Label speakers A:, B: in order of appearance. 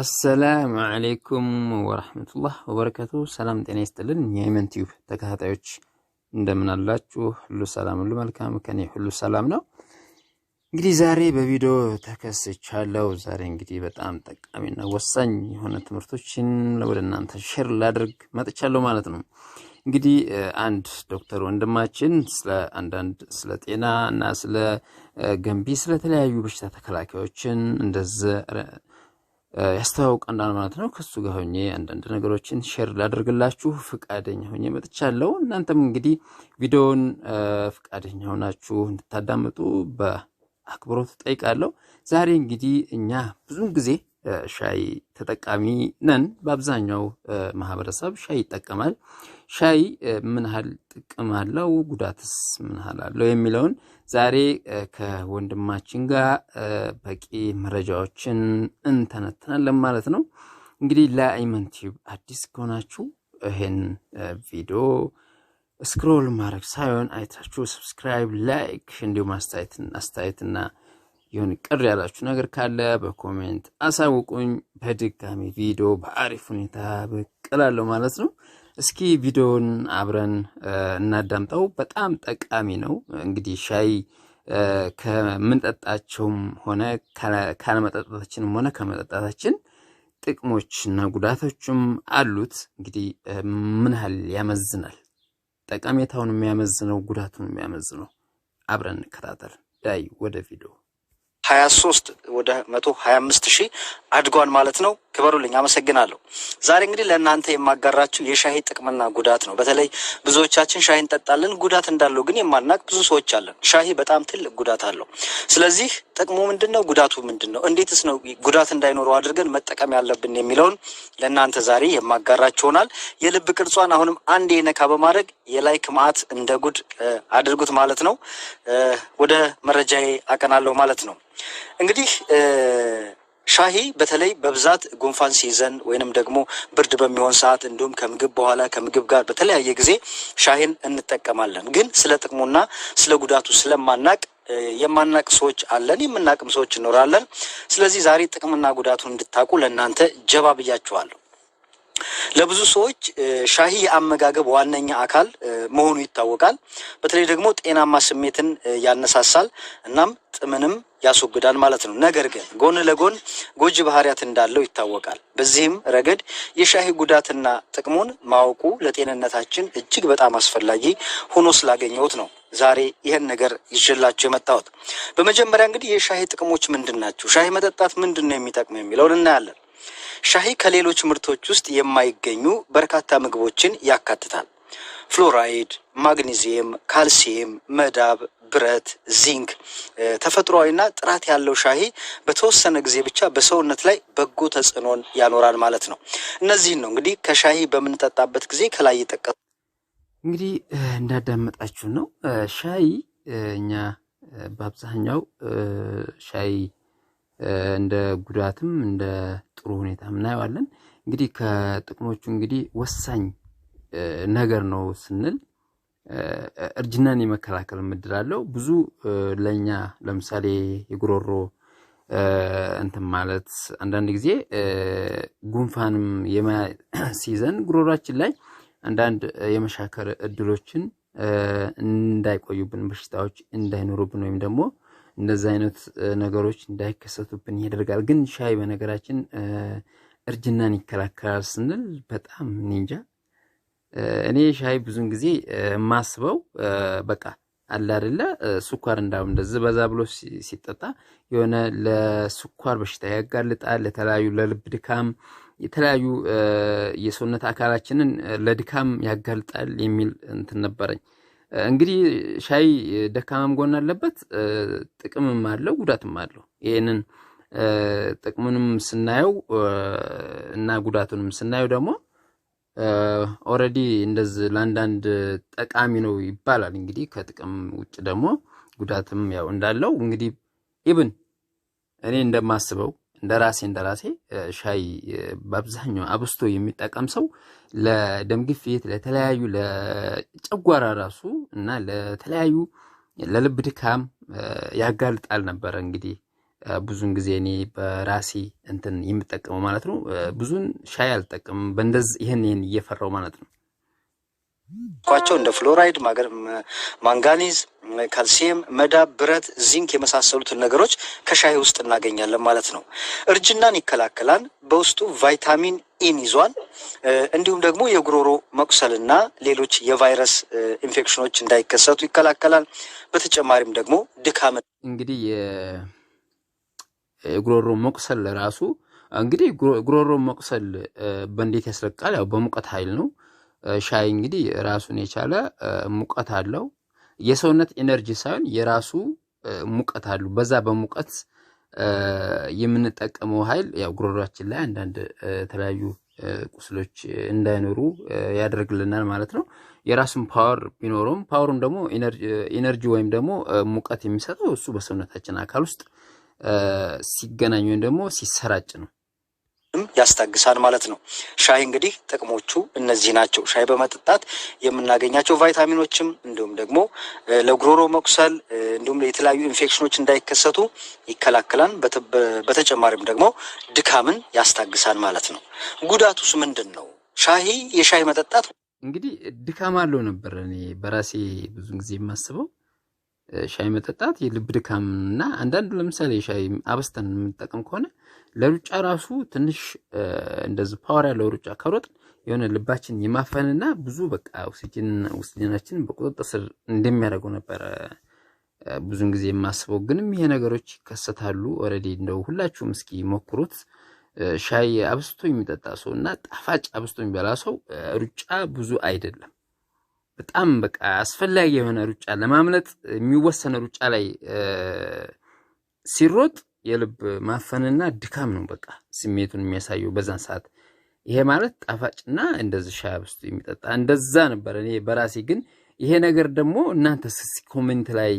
A: አሰላሙ አሌይኩም ወረህመቱላህ ወበረከቱ። ሰላም ጤና ይስጥልን። የአይመን ቲዩብ ተከታታዮች እንደምን አላችሁ? ሁሉ ሰላም፣ ሁሉ መልካም፣ ከኔ ሁሉ ሰላም ነው። እንግዲህ ዛሬ በቪዲዮ ተከስቻለሁ። ዛሬ እንግዲህ በጣም ጠቃሚና ወሳኝ የሆነ ትምህርቶችን ወደ እናንተ ሼር ላድርግ መጥቻለሁ ማለት ነው። እንግዲህ አንድ ዶክተር ወንድማችን ስለ አንዳንድ ስለ ጤና እና ስለ ገንቢ ስለተለያዩ በሽታ ተከላካዮችን እንደዚህ ያስተዋውቀናል ማለት ነው። ከሱ ጋር ሆኜ አንዳንድ ነገሮችን ሼር ላደርግላችሁ ፍቃደኛ ሆኜ መጥቻለሁ። እናንተም እንግዲህ ቪዲዮውን ፍቃደኛ ሆናችሁ እንድታዳምጡ በአክብሮት ጠይቃለሁ። ዛሬ እንግዲህ እኛ ብዙን ጊዜ ሻይ ተጠቃሚ ነን። በአብዛኛው ማህበረሰብ ሻይ ይጠቀማል። ሻይ ምን ያህል ጥቅም አለው? ጉዳትስ ምን ያህል አለው? የሚለውን ዛሬ ከወንድማችን ጋር በቂ መረጃዎችን እንተነትናለን ማለት ነው። እንግዲህ ለአይመን ቲዩብ አዲስ ከሆናችሁ ይሄን ቪዲዮ ስክሮል ማድረግ ሳይሆን አይታችሁ ሰብስክራይብ፣ ላይክ እንዲሁም አስተያየትና የሆነ ቅር ያላችሁ ነገር ካለ በኮሜንት አሳውቁኝ። በድጋሚ ቪዲዮ በአሪፍ ሁኔታ ብቅ እላለሁ ማለት ነው። እስኪ ቪዲዮውን አብረን እናዳምጠው። በጣም ጠቃሚ ነው። እንግዲህ ሻይ ከምንጠጣቸውም ሆነ ካለመጠጣታችንም ሆነ ከመጠጣታችን ጥቅሞች እና ጉዳቶችም አሉት። እንግዲህ ምን ያህል ያመዝናል፣ ጠቀሜታውን የሚያመዝነው ጉዳቱን የሚያመዝነው አብረን እንከታተል። ዳይ ወደ ቪዲዮ ሀያ ሶስት ወደ መቶ ሀያ አምስት ሺህ አድጓል ማለት ነው። ክበሩልኝ፣ አመሰግናለሁ። ዛሬ እንግዲህ ለእናንተ የማጋራችሁ የሻሂ ጥቅምና ጉዳት ነው። በተለይ ብዙዎቻችን ሻሂ እንጠጣለን፣ ጉዳት እንዳለው ግን የማናቅ ብዙ ሰዎች አለን። ሻሂ በጣም ትልቅ ጉዳት አለው። ስለዚህ ጥቅሙ ምንድን ነው? ጉዳቱ ምንድን ነው? እንዴትስ ነው ጉዳት እንዳይኖረው አድርገን መጠቀም ያለብን የሚለውን ለእናንተ ዛሬ የማጋራችሁ ይሆናል። የልብ ቅርጿን አሁንም አንድ የነካ በማድረግ የላይክ ማዕት እንደ ጉድ አድርጉት ማለት ነው። ወደ መረጃዬ አቀናለሁ ማለት ነው። እንግዲህ ሻሂ በተለይ በብዛት ጉንፋን ሲይዘን ወይንም ደግሞ ብርድ በሚሆን ሰዓት እንዲሁም ከምግብ በኋላ ከምግብ ጋር በተለያየ ጊዜ ሻሂን እንጠቀማለን። ግን ስለ ጥቅሙና ስለ ጉዳቱ ስለማናቅ የማናቅ ሰዎች አለን፣ የምናቅም ሰዎች እኖራለን። ስለዚህ ዛሬ ጥቅምና ጉዳቱን እንድታውቁ ለእናንተ ጀባ ብያችኋለሁ። ለብዙ ሰዎች ሻሂ የአመጋገብ ዋነኛ አካል መሆኑ ይታወቃል። በተለይ ደግሞ ጤናማ ስሜትን ያነሳሳል እናም ጥምንም ያስወግዳል ማለት ነው። ነገር ግን ጎን ለጎን ጎጂ ባህሪያት እንዳለው ይታወቃል። በዚህም ረገድ የሻሂ ጉዳትና ጥቅሙን ማወቁ ለጤንነታችን እጅግ በጣም አስፈላጊ ሆኖ ስላገኘሁት ነው ዛሬ ይህን ነገር ይዤላችሁ የመጣሁት። በመጀመሪያ እንግዲህ የሻሂ ጥቅሞች ምንድን ናቸው? ሻሂ መጠጣት ምንድን ነው የሚጠቅመው የሚለውን እናያለን። ሻሂ ከሌሎች ምርቶች ውስጥ የማይገኙ በርካታ ምግቦችን ያካትታል። ፍሎራይድ፣ ማግኒዚየም፣ ካልሲየም፣ መዳብ፣ ብረት፣ ዚንክ። ተፈጥሯዊና ጥራት ያለው ሻሂ በተወሰነ ጊዜ ብቻ በሰውነት ላይ በጎ ተጽዕኖን ያኖራል ማለት ነው። እነዚህን ነው እንግዲህ ከሻሂ በምንጠጣበት ጊዜ ከላይ የጠቀሱ
B: እንግዲህ እንዳዳመጣችሁ ነው። ሻይ እኛ በአብዛኛው ሻይ እንደ ጉዳትም እንደ ጥሩ ሁኔታ እናየዋለን። እንግዲህ ከጥቅሞቹ እንግዲህ ወሳኝ ነገር ነው ስንል እርጅናን የመከላከል ምድል አለው። ብዙ ለእኛ ለምሳሌ የጉሮሮ እንትን ማለት አንዳንድ ጊዜ ጉንፋንም ሲይዘን ጉሮሯችን ላይ አንዳንድ የመሻከር እድሎችን እንዳይቆዩብን በሽታዎች እንዳይኖሩብን ወይም ደግሞ እንደዚህ አይነት ነገሮች እንዳይከሰቱብን ያደርጋል። ግን ሻይ በነገራችን እርጅናን ይከላከላል ስንል በጣም እንጃ። እኔ ሻይ ብዙን ጊዜ የማስበው በቃ አለ አደለ ስኳር እንዳሁ እንደዚህ በዛ ብሎ ሲጠጣ የሆነ ለስኳር በሽታ ያጋልጣል፣ ለተለያዩ ለልብ ድካም የተለያዩ የሰውነት አካላችንን ለድካም ያጋልጣል የሚል እንትን ነበረኝ። እንግዲህ ሻይ ደካማም ጎን አለበት፣ ጥቅምም አለው ጉዳትም አለው። ይህንን ጥቅሙንም ስናየው እና ጉዳቱንም ስናየው ደግሞ ኦልሬዲ እንደዚህ ለአንዳንድ ጠቃሚ ነው ይባላል። እንግዲህ ከጥቅም ውጭ ደግሞ ጉዳትም ያው እንዳለው እንግዲህ ኢብን እኔ እንደማስበው እንደራሴ እንደራሴ ሻይ በአብዛኛው አብስቶ የሚጠቀም ሰው ለደም ግፊት፣ ለተለያዩ ለጨጓራ ራሱ እና ለተለያዩ ለልብ ድካም ያጋልጣል ነበረ። እንግዲህ ብዙን ጊዜ እኔ በራሴ እንትን የምጠቀመው ማለት ነው። ብዙን ሻይ አልጠቀምም በእንደዚህ ይህን ይህን እየፈራው ማለት ነው።
A: ኳቸው እንደ ፍሎራይድ፣ ማንጋኒዝ፣ ካልሲየም፣ መዳብ፣ ብረት፣ ዚንክ የመሳሰሉትን ነገሮች ከሻይ ውስጥ እናገኛለን ማለት ነው። እርጅናን ይከላከላል። በውስጡ ቫይታሚን ኢን ይዟል። እንዲሁም ደግሞ የጉሮሮ መቁሰልና ሌሎች የቫይረስ ኢንፌክሽኖች እንዳይከሰቱ ይከላከላል። በተጨማሪም ደግሞ ድካም
B: እንግዲህ የጉሮሮ መቁሰል ራሱ እንግዲህ ጉሮሮ መቁሰል በእንዴት ያስለቃል? ያው በሙቀት ኃይል ነው ሻይ እንግዲህ ራሱን የቻለ ሙቀት አለው። የሰውነት ኤነርጂ ሳይሆን የራሱ ሙቀት አሉ። በዛ በሙቀት የምንጠቀመው ኃይል ያው ጉሮሯችን ላይ አንዳንድ የተለያዩ ቁስሎች እንዳይኖሩ ያደርግልናል ማለት ነው። የራሱን ፓወር ቢኖረውም ፓወሩን ደግሞ ኤነርጂ ወይም ደግሞ ሙቀት የሚሰጠው እሱ በሰውነታችን አካል ውስጥ ሲገናኝ ወይም ደግሞ ሲሰራጭ ነው።
A: ያስታግሳል ማለት ነው። ሻይ እንግዲህ ጥቅሞቹ እነዚህ ናቸው። ሻይ በመጠጣት የምናገኛቸው ቫይታሚኖችም እንዲሁም ደግሞ ለጉሮሮ መቁሰል እንዲሁም የተለያዩ ኢንፌክሽኖች እንዳይከሰቱ ይከላከላል። በተጨማሪም ደግሞ ድካምን ያስታግሳል ማለት ነው። ጉዳቱስ ምንድን ነው? ሻይ የሻይ መጠጣት
B: እንግዲህ ድካም አለው ነበር እኔ በራሴ ብዙ ጊዜ የማስበው ሻይ መጠጣት የልብ ድካም እና አንዳንዱ ለምሳሌ ሻይ አበስተን የምንጠቀም ከሆነ ለሩጫ ራሱ ትንሽ እንደዚህ ፓወር ያለው ሩጫ ከሮጥ የሆነ ልባችን የማፈንና ብዙ በቃ ኦክሲጅን ኦክሲጅናችን በቁጥጥር ስር እንደሚያደርገው ነበረ ብዙን ጊዜ የማስበው። ግንም ይሄ ነገሮች ይከሰታሉ። ኦልሬዲ እንደው ሁላችሁም እስኪ ሞክሩት። ሻይ አብስቶ የሚጠጣ ሰው እና ጣፋጭ አብስቶ የሚበላ ሰው ሩጫ ብዙ አይደለም። በጣም በቃ አስፈላጊ የሆነ ሩጫ ለማምለጥ የሚወሰነ ሩጫ ላይ ሲሮጥ የልብ ማፈንና ድካም ነው በቃ ስሜቱን የሚያሳየው በዛን ሰዓት። ይሄ ማለት ጣፋጭና እንደዚህ ሻይ ውስጥ የሚጠጣ እንደዛ ነበር። እኔ በራሴ ግን ይሄ ነገር ደግሞ እናንተ ኮሜንት ላይ